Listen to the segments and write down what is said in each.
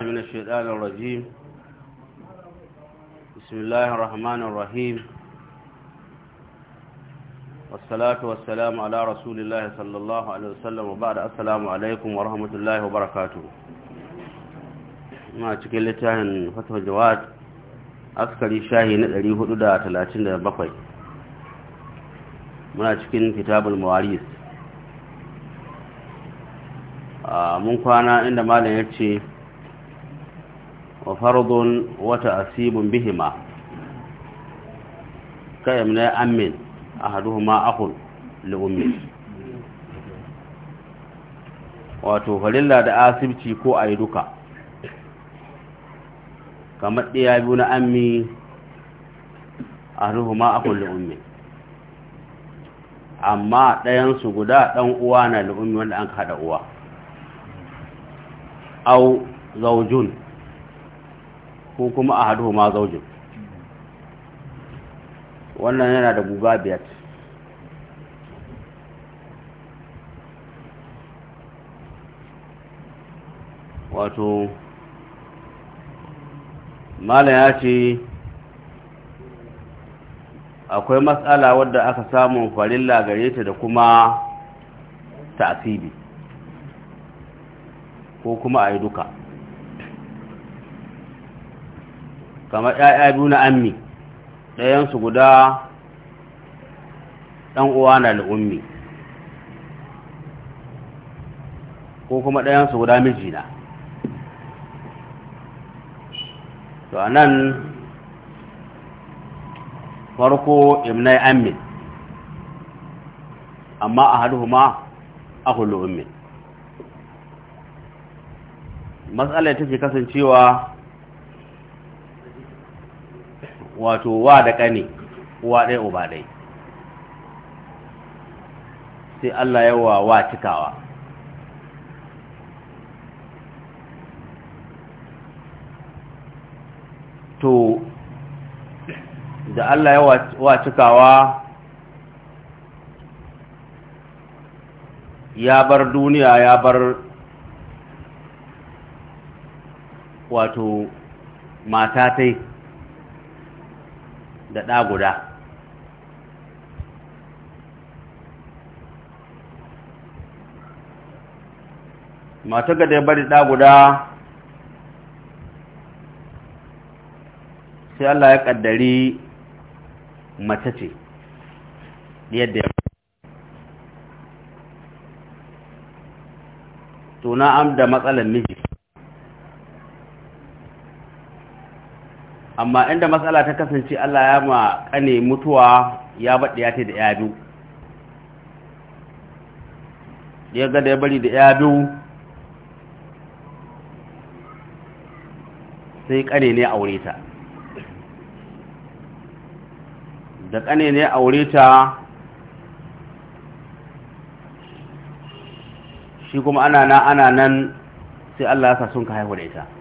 من الشيطان الرجيم بسم الله الرحمن الرحيم والصلاة والسلام على رسول الله صلى الله عليه وسلم وبعد السلام عليكم ورحمة الله وبركاته ما cikin littafin fatwa jawad askari shahi na 437 muna cikin kitabul mawaris mun kwana inda malam ya ce وفرض وتأسيب بهما كابن أم أحدهما أخ لأمه wato falilla da asibiti ko ayiduka. yi duka kamar ɗaya biyu na ammi a ruhuma a kulle ummi amma ɗayansu guda ɗan uwa na da wanda an haɗa uwa au zaujun ko kuma a hadu ma zaujin wannan yana da guga biyar wato mala ya ce akwai matsala wadda aka samun farilla gare ta da kuma tasiri ko kuma a yi duka kamar ɗaya biyu na ammi su guda ɗan uwa na al'ummi ko kuma ɗayansu guda mijina to a nan farko imnai ammin amma a ma a hulu ummin matsalar take kasancewa wato wa da ƙane wa ɗaya uba ɗai sai Allah yawa wa cikawa to da Allah yawa wa cikawa ya bar duniya ya bar wato matatai da ɗa guda mata ga da ya bari ɗa guda sai Allah ya ƙaddari mace ce yadda ya tuna am da matsalar miji amma inda matsala ta kasance Allah ya ma kane mutuwa ya baɗe ya ce da ya biyu ya ga da ya bari da ya biyu sai kane ne aure ta da kane ne aure ta shi kuma ana nan ana nan sai Allah ya sa sun ka haihu da ita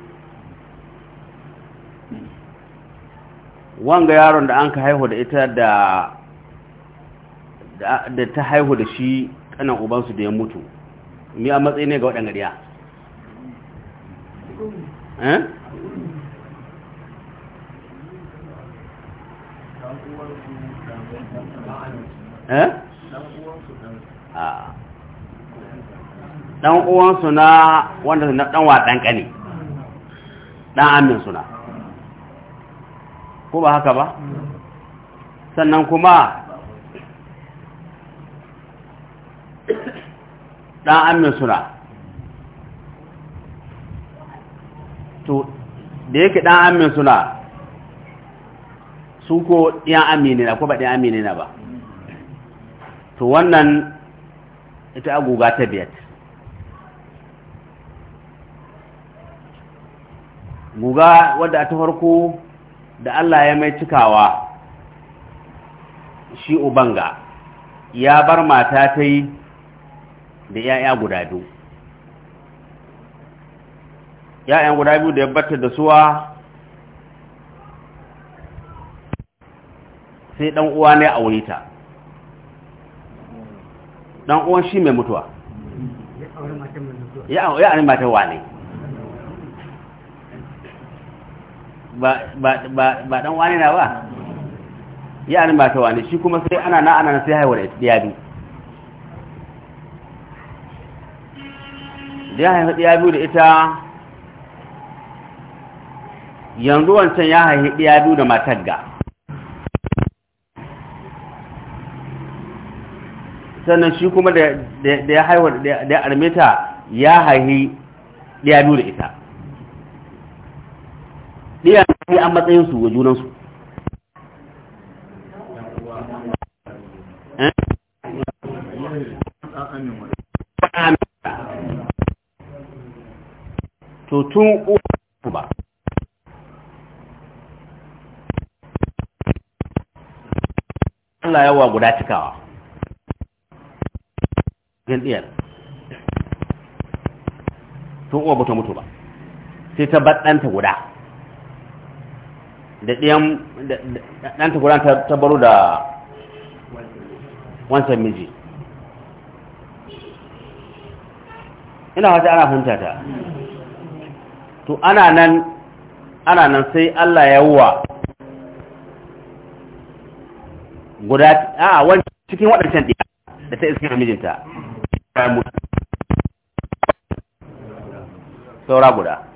wanga yaron da an ka haihu da ita da da ta haihu da shi kanan ubansu da ya mutu mi a matsayi ne ga waɗanda riya ɗan eh? eh? ah. uwansu na wanda na ɗan wa ɗan ƙani ɗan amin na. ko ba haka ba sannan kuma ɗan amin suna to da yake ɗan amin suna su ko ɗiyan amini na ko ba ɗiyan amini na ba to wannan ita aguga ta biyar guga wadda ta farko da Allah ya mai cikawa shi ubanga ya bar mata ta yi da ‘ya'ya guda biyu ‘ya'yan guda biyu da ya batta da suwa sai dan uwa ne a wuri ta ɗan uwan shi mai mutuwa ya ari mata wane ba dan wani na ba ya ba ta wani shi kuma sai ana na ana sai haihuwar ya biyu da ya haihu ɗiya biyu da ita yanzu wancan ya haifi ɗiya biyu da matar ga sannan shi kuma da ya haihuwar da ya armita ya haifi ɗiya biyu da ita ɗiya ne an matsayin su ga junansu eh? to tun uku ba Allah yawa guda cikawa gan ɗiyar tun uwa ba ta mutu ba sai ta baɗanta guda da ɗiyan ɗan tukuran ta baro da wancan miji ina wata ana hunta ta to ana nan ana nan sai Allah ya wuwa guda a wani cikin waɗancan ɗiya da ta iska mijinta saura guda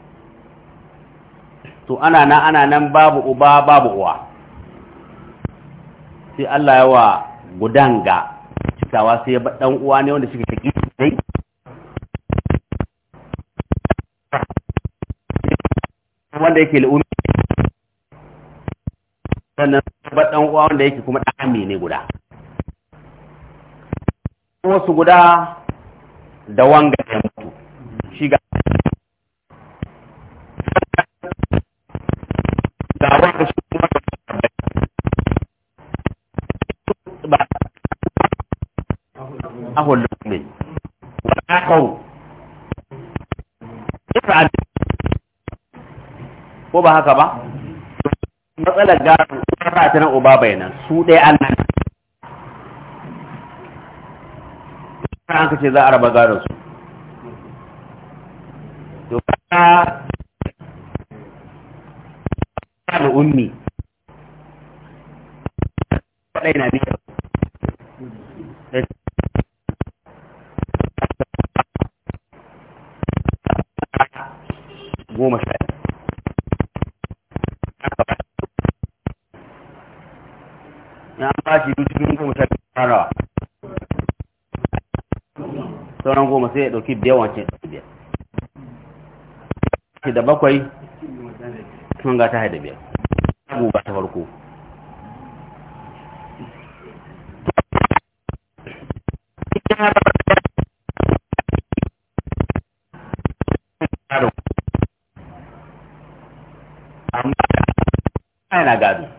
to ana nan ana nan babu uba babu uwa sai Allah ya wa gudan ga cikawa sai ya dan uwa ne wanda suke take sai wanda yake al'ummi sannan ba dan uwa wanda yake kuma ami ne guda wasu guda da wanga ya mutu shi ga ba haka ba matsalar gano ba ta nan uba bayanan su ɗaya an nan an ce za a raba su Na ba shi dubu goma sha tara sauran goma sai ya dauki biyar wancan biyar shi da bakwai sun ga ta haida biyar abu ba ta farko amma yana gado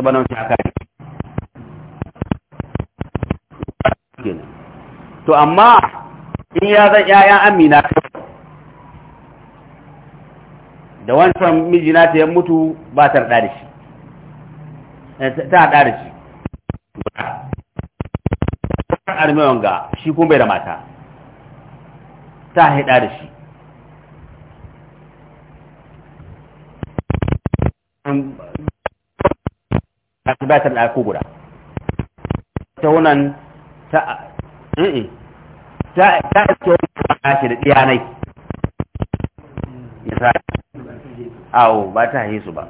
ta banan wancan aka to amma in ya zan ‘ya'yan amina da wancan mijina ta ya mutu ba ta eh, da shi ta haɗa da shi armewan ga shi kuma bai da mata ta haɗa da shi ta ba ta da ko guda ta wannan ta eh, eh, ta ta ce ta shi da diyanai yasa awo ba ta yi su ba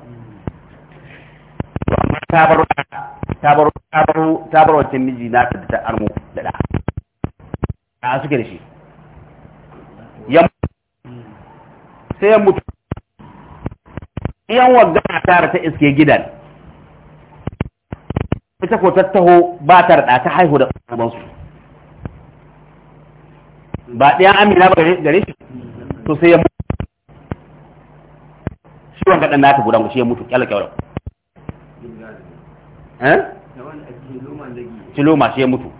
amma ta baro ta baro ta baro ta baro wacce miji na ta ta armo da da a suke da shi ya sai ya mutu iyan wagga ta ta iske gidan ita ko tattaho ba ta rada ta haihu da su. ba ɗaya amina ba gare shi to sai ya mutu shi wanga ɗan nata guda shi ya mutu kyala kyala ciloma eh? shi ya mutu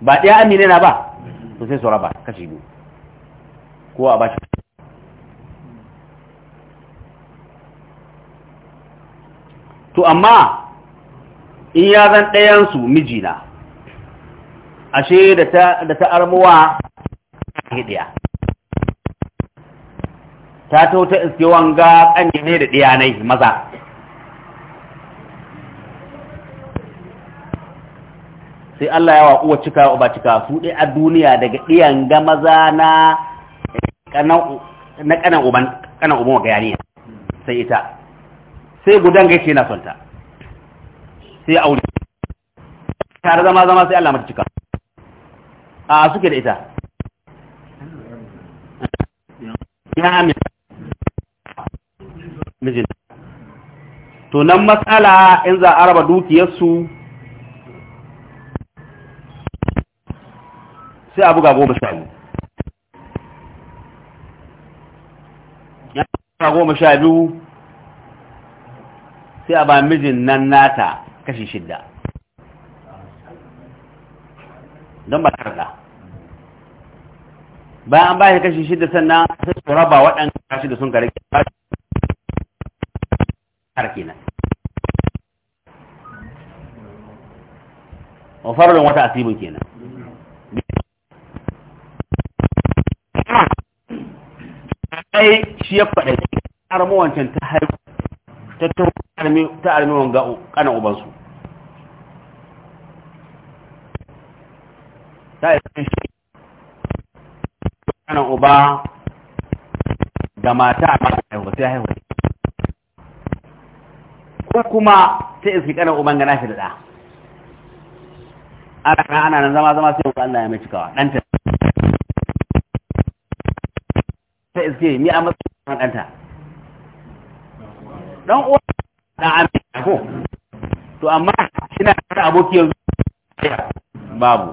ba ɗaya amina na ba to sai su raba kashi biyu ko a bashi to amma in ya zan ɗayansu mijina ashe da ta armuwa hidiya ta to ta iske wanga ƙanye ne da ɗiyanai maza sai Allah ya waƙuwa cika ba cika su ɗai a duniya daga ɗiyan ga maza na ƙanan uban ƙanan uban wa gayaniya sai ita sai gudan gaishe na sonta sai aure tare zama zama sai Allah mata a suke da ita ya amin mijin to nan matsala in za a raba dukiyarsu sai a buga goma sha biyu ya goma sha biyu sai a ba mijin nan nata kashi shidda don ba karda bayan an bashi kashi shidda sannan sai su raba waɗanda kashi da sun kare kenan wa farlon wata asibin kenan ai shi ya faɗa armo wancan ta haiku ta ta armi wanga kanan ubansu ta yi sun shi kanan uba ga mata a ba haihuwa sai haihuwa ko kuma ta su kanan uban gana shi da ɗa ana kan ana nan zama zama sai Allah ya mai cikawa ɗanta ta iske ni a matsayin ɗanta ɗan uwa ɗan amina ko to amma shi na abokiyar babu